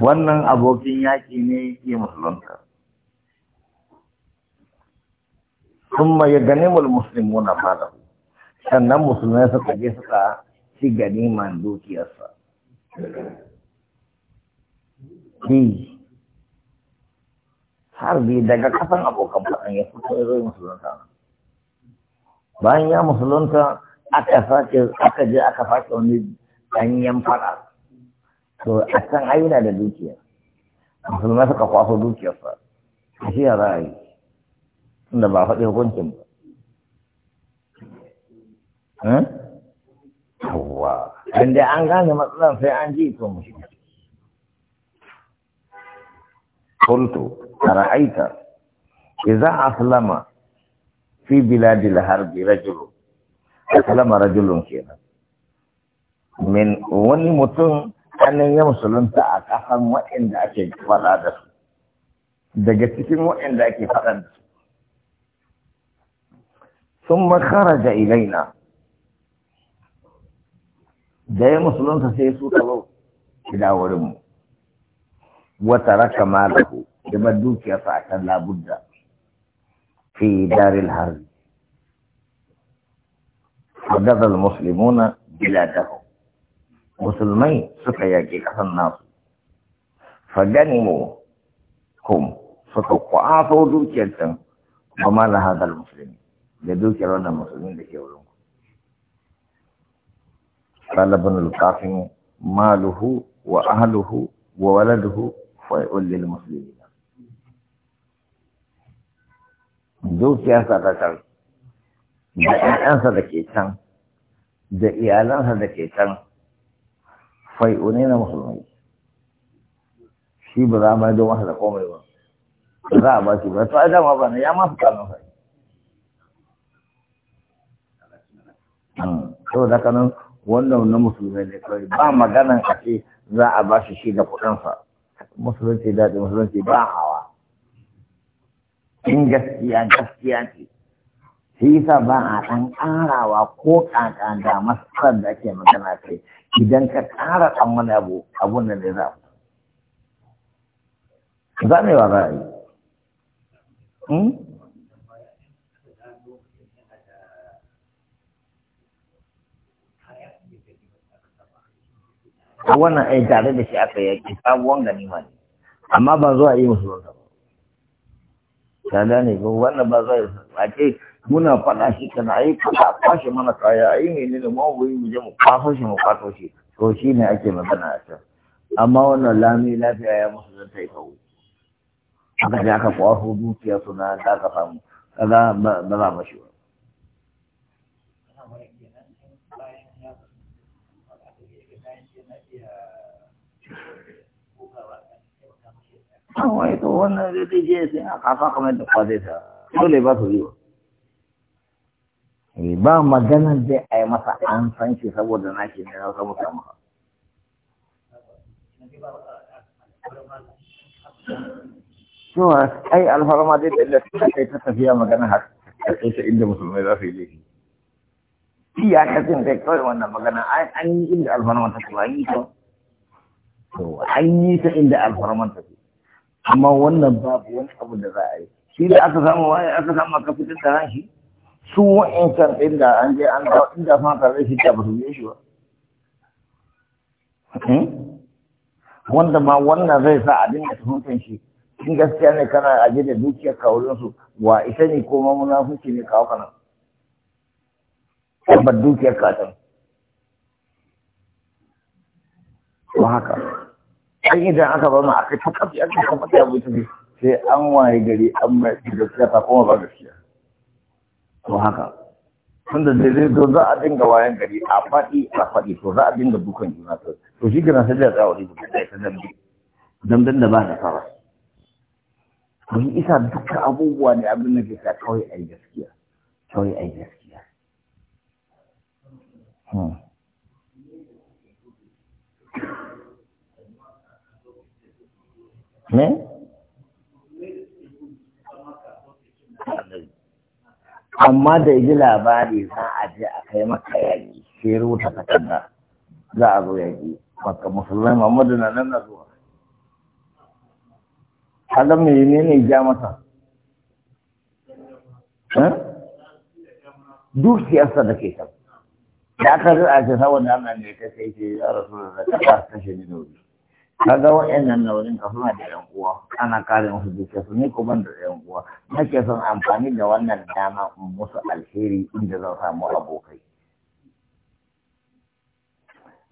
wannan abokin yaƙi ne ya musulunta sun mai ganimul musulmi na fada sannan musulmai suka je suka ci man dukiyarsa Har bi daga kasan abokan faɗan ya fito ya zo musulunta bayan ya musulunta aka aka je aka fashe wani ɗanyen faɗa to a can ai yana da dukiya musulmai suka kwaso dukiyarsa a shi za a yi tunda ba faɗi hukuncin ba hmm? Yawwa, inda an gane matsalar sai an ji to mu shi. Kultu, ra'aita, idza aslama fi biladil harbi rajulun, aslama rajulun kenan. Min wani mutum tsakanin ya musulunta a kasan waɗanda ake faɗa da su daga cikin waɗanda ake faɗa da su sun makara da ilaina da ya musulunta sai su talo gida wurinmu wata raka malahu ya bar dukiyarsa a kan labudda fi daril harbi فقضى المسلمون بلادهم musulmai suka yaƙi ƙasan nasu faganimu kum suka kwaso dukiyar can ba ma na hadar musulmi da dukiyar wannan musulmi da ke wurin ku ɗalibin lukafin maluhu wa ahaluhu wa waladuhu musulmi na muslimin dukiyarsa ta can da ƴaƴansa da ke can da iyalansa da ke can fai'u ne na musulmai shi ba za mai don da komai ba ba za a ba shi ba to ai dama ba na ya ma fi kanun to hmm. da kanan wannan na musulmai ne kawai ba maganan a ce za a ba shi shi da kuɗinsa musulunci daɗi musulunci ba hawa in gaskiya gaskiya ce shi yasa ba a ɗan ƙarawa ko ƙaƙa da masarar da ake magana kai idan ka ƙara tsammani abu abun da ne za ku za ne za a yi a hmm? wannan ai tare da shi aka yake sabuwan ganima ne amma ba zuwa yi musu ba ta gane ko wannan ba zuwa yi musu a ce muna faɗa shi kana ai faɗa kwashe mana kaya ai ne ne mu wuri mu je mu kwafo shi mu kwato shi to shi ne ake magana a can amma wannan lami lafiya ya musu zan taifa wu aka je aka kwafo dukiya suna da ka samu kaza ba za mu shi ba Kawai to wannan zai je sai a kafa kamar da kwazai ta dole ba su yi wa. Eh, ba maganar zai a yi masa an san shi saboda na shi ne na samu sama. Shuwa, ai alfarma dai da ta kai ta tafiya magana har ta kai ta inda musulmai za su yi laifi. ya Iyakacin dai kawai wannan magana an yi inda alfarma ta kuma an yi ta. To, an yi ta inda alfarma ta fi. Amma wannan babu wani abu da za a yi. Shi da aka samu waye aka samu aka fitar da ran shi. su wa'incan ɗin da an je an da inda fata zai shi ta basu je shi ba hmm? wanda ma wannan zai sa a dinga tuhumtan shi in gaskiya ne kana aje da dukiyar kawurin su wa ita ne ko ma munafuci ne kawo kana tabbar dukiyar katon Ba haka sai idan aka ba mu aka ta kafi aka kuma ta abu sai an waye gari an mai gaskiya ta kuma ba gaskiya to haka tunda daidai zo za a dinga wayan gari a faɗi a faɗi to za a dinga dukan juna to to shi gina sai da tsawari da ta dambe damben da ba da fara to isa dukkan abubuwa ne abin da ke sa kawai a yi gaskiya kawai a yi gaskiya ne? Hmm. amma da ji labari za a je a kai maka yaƙi sai rubuta takarda za a zo yaƙi maka musulmai muhammadu na nan na zuwa kaga me ne ne ja masa siyasa eh? da ke kan da aka a ce saboda ana ne ta sai ce ya rasu da ta kashe ni da kaga waɗannan nauyin ka suna da yan uwa ana kare musu dukiya su ne kuma da yan uwa nake son amfani da wannan dama in musu alheri inda zan samu abokai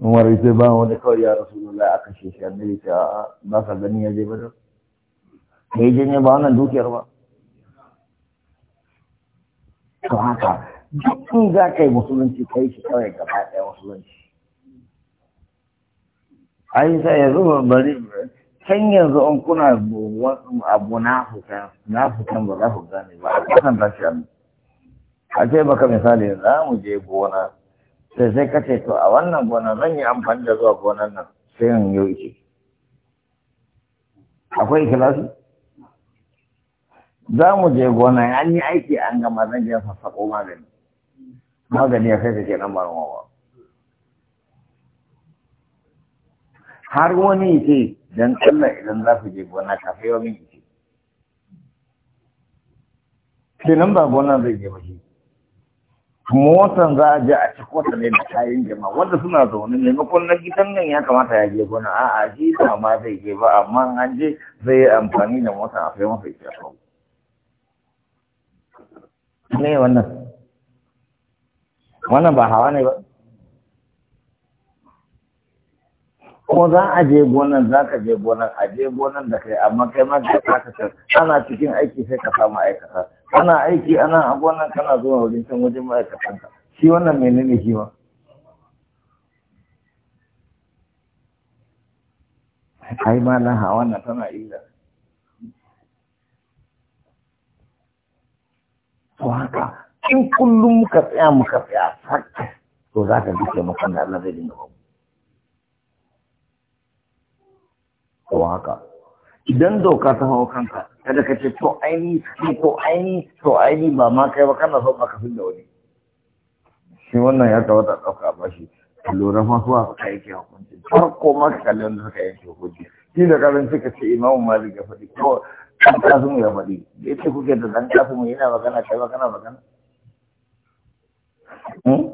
Umar sai ba wani kawai ya Rasulullah kashe shi shi annabi ta ba sa gani ya je ba da kai ba wannan dukiyar ba to haka duk in za ka yi musulunci kai shi kawai gaba ɗaya musulunci aisha ya zuba bari can yanzu an kuna abu na fuka na fukan ba za ku gane ba a kasan tashi a a ce baka misali za mu je gona sai sai kace to a wannan gona zan yi amfani da zuwa gonan nan sai in yau ce akwai kilasi? za mu je gona an yi aiki an gama zan je sassako magani magani ya kai ka ke nan ba har wani ce don Allah idan za ku je gona ka kai wa min ce kenan ba gona zai je ba shi motan za a je a ci kota ne da kayan jama'a wanda suna zaune maimakon na gidan nan ya kamata ya je gona a a ji da ma zai je ba amma an je zai yi amfani da motan a kai masa ita sau ne wannan wannan ba hawa ne ba ko za a je gonan za ka je gonan a je gonan da kai amma kai ma ka ka ana cikin aiki sai ka samu aikata ana aiki ana a gonan kana zuwa wurin can wajen ma'aikatan ka shi wannan menene shi ma ai ma na hawa na tana illa to haka in kullum muka tsaya muka tsaya sakka to za ka ji taimakon da Allah zai dinga bamu ko haka idan doka ta hau kanka kada ka ce to aini to aini to aini ba ma kai ba kana son baka fi da wani shi wannan ya kawata ɗauka ba shi lura ma zuwa ka yake hukunci farko ma ka kalli wanda suka yanke hukunci shi da karin suka ce imamu malik ya faɗi ko ɗan kasimu ya faɗi da yake kuke da kasu mu yana magana kai magana magana hmm?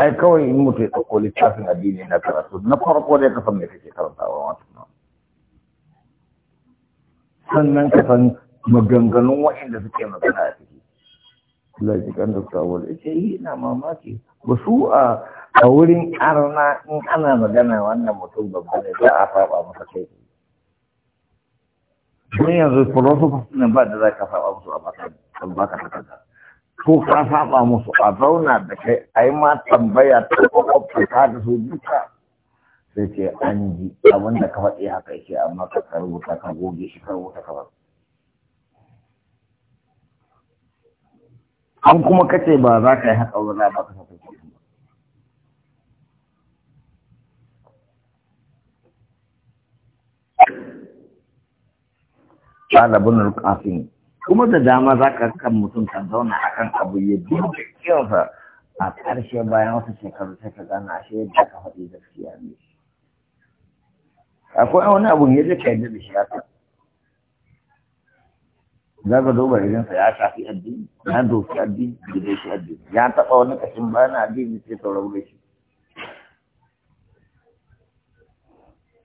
ai kawai in mutu ya ɗauko littafin addini na karatu na farko dai ka san me kake karantawa wasu sannan ka san maganganun waɗanda suke magana a ciki laji kan da kawo da ce yi eh, na mamaki ba su a a wurin karna in ana magana wannan mutum babba ne za a faɓa masa kai don yanzu filosofa ne ba da za ka faɓa musu a baka takarda ko ka saba musu a zauna da kai a yi ma tambaya ta kwakwabta ka da su duka sai ce an ji abin da ka faɗi haka yake amma ka karbuta ka goge shi karbuta ka bar an kuma kace ba za ka yi haka wani ba ka saka ba قال kuma da dama za ka kan mutum kan zauna akan abu ya duka kyauta a ƙarshe bayan wasu shekaru sai ka gana ashe yadda ka faɗi gaskiya ne akwai wani abu ne zai kai da shi haka za ka duba sa ya shafi addini ya doki addini gidan shi addini ya taɓa wani ƙashin bayan addini sai sauran da shi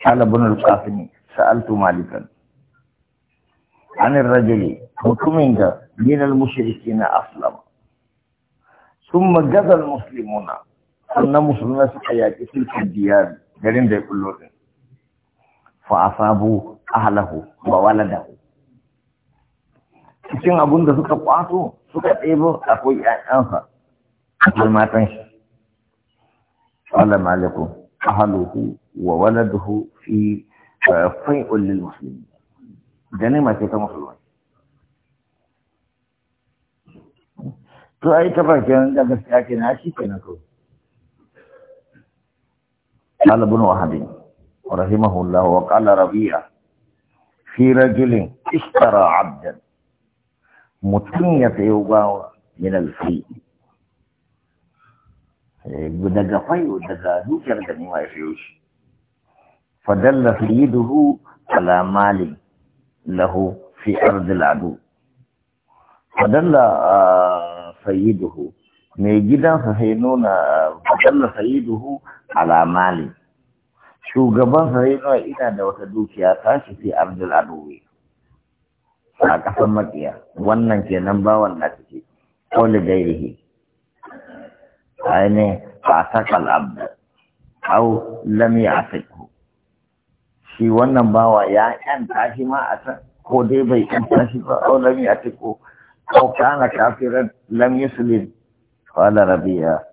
قال ابن القاسم سألت مالكا عن الرجل حكمين من المشركين أسلم ثم جذى المسلمون أن مسلمين سحياتي تلك الديار جرين دي كلهم فأصابوا أهله وولده cikin abun da suka kwato suka ɗebo akwai ‘ya'yansa akwai matan shi. Wala maliku, ahaluhu wa waladuhu fi fai'ul musulmi. ganima ce ta musulmai to ai ta bakin da gaskiya ke na shi kenan to قال ابن وهب رحمه الله وقال ربيعه في رجل اشترى عبدا mutum ya sayo bawa min alfi daga fayo daga dukiyar ganima ya sayo shi fadalla sayyiduhu ala malin له في أرض العدو فدل سيده ميجدا فهينون فدل سيده على مالي شو قبان فهينون إذا دوتدوك يا تاشي في أرض العدو a ƙasar maƙiya wannan kenan bawan da take kawai gairihi ainihin fasakal abdu au lam ya asikhu shi wannan bawa ya yan tashi ma a san? ko dai bai yan tashi ba au lam ya ce ko au kana kafiran lam yuslim qala rabbiya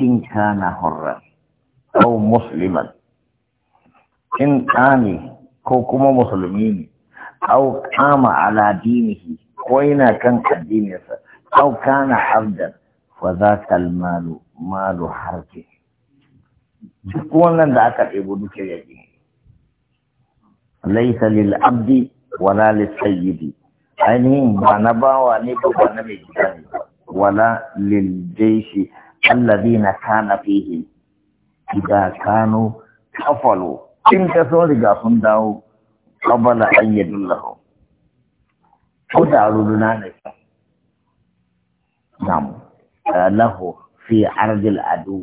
in kana hurra au musliman in kani ko kuma musulmi ne au kama ala dinihi ko yana kan addininsa au kana abdan fa zaka almalu malu harfi duk wannan da aka ɗebo duke yaƙi ليس للعبد ولا للسيد يعني بانبا وانيكو بانبا ولا للجيش الذين كان فيه إذا كانوا كفلوا إن كسوا لغا سنداو قبل أن يدلهم قد أردنا نفسه نعم له في عرض العدو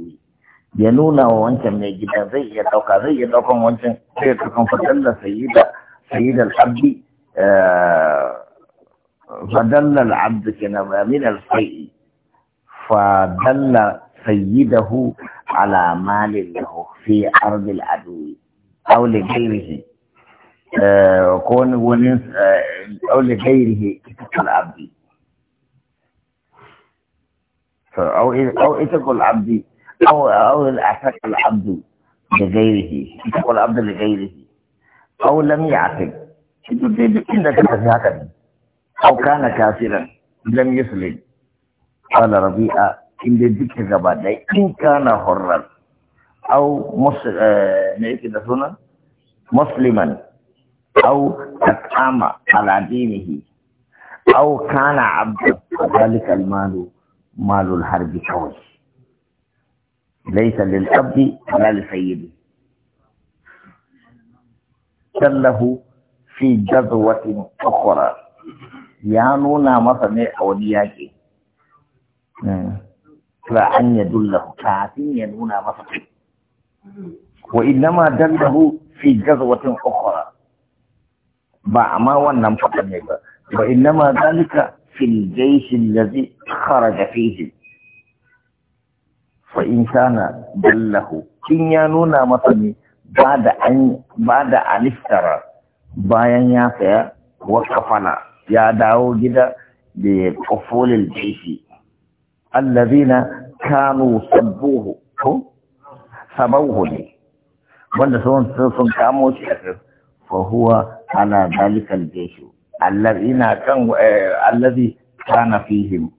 ya nuna wa wancan mai gida zai iya ɗauka zai iya ɗaukan wancan sai ya ɗaukan fadalla sayida sayida al'abdi fadalla al'abdi kenan min al-fai'i fadalla sayyidahu ala malin lahu fi ardi al-adu aw li ghayrihi ko wani aw li ghayrihi al-abdi aw ita kul abdi أو أو الأعتق العبد لغيره أو العبد لغيره أو لم يعتق إنك أو كان كافرا لم يسلم قال ربيعة إن ذكر غبادة إن كان حرا أو آه مسلما أو أقام على دينه أو كان عبدا ذلك المال مال الحرب كوي ليس للأب ولا لسيده كله في جذوة أخرى يعني لا مثلا أولياكي نعم. فأن يدله فأعطين ينونا مثلا وإنما دله في جذوة أخرى بعما ونمشق النبا وإنما ذلك في الجيش الذي خرج فيه fa in kana dallahu in ya nuna masa ne ba da an ba da aliftara bayan ya saya wa kafala ya dawo gida da qafulil jaysi allazina kanu sabbuhu ko sabawhu ne wanda sun sun kamo shi a fa huwa ala dalikal jaysi allazina kan allazi kana fihim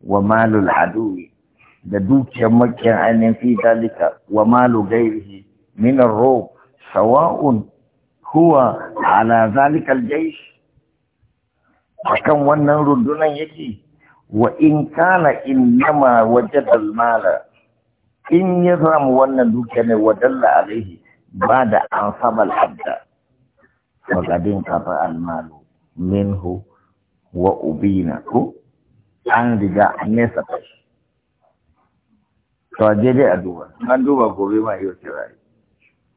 wa malul aduwi da dukiyar makiyan ainihin fi dalika wa malu gairihi min ro sawa'un huwa ala zalika al akan wannan rundunan yake wa in kana in nama al-mala in ya samu wannan dukiyar ne wa dalla alaihi ba da an sabal wa fagadin kafa almalu minhu wa ubina ko an riga an nesa tashi to a je a duba an duba gobe ma yau ce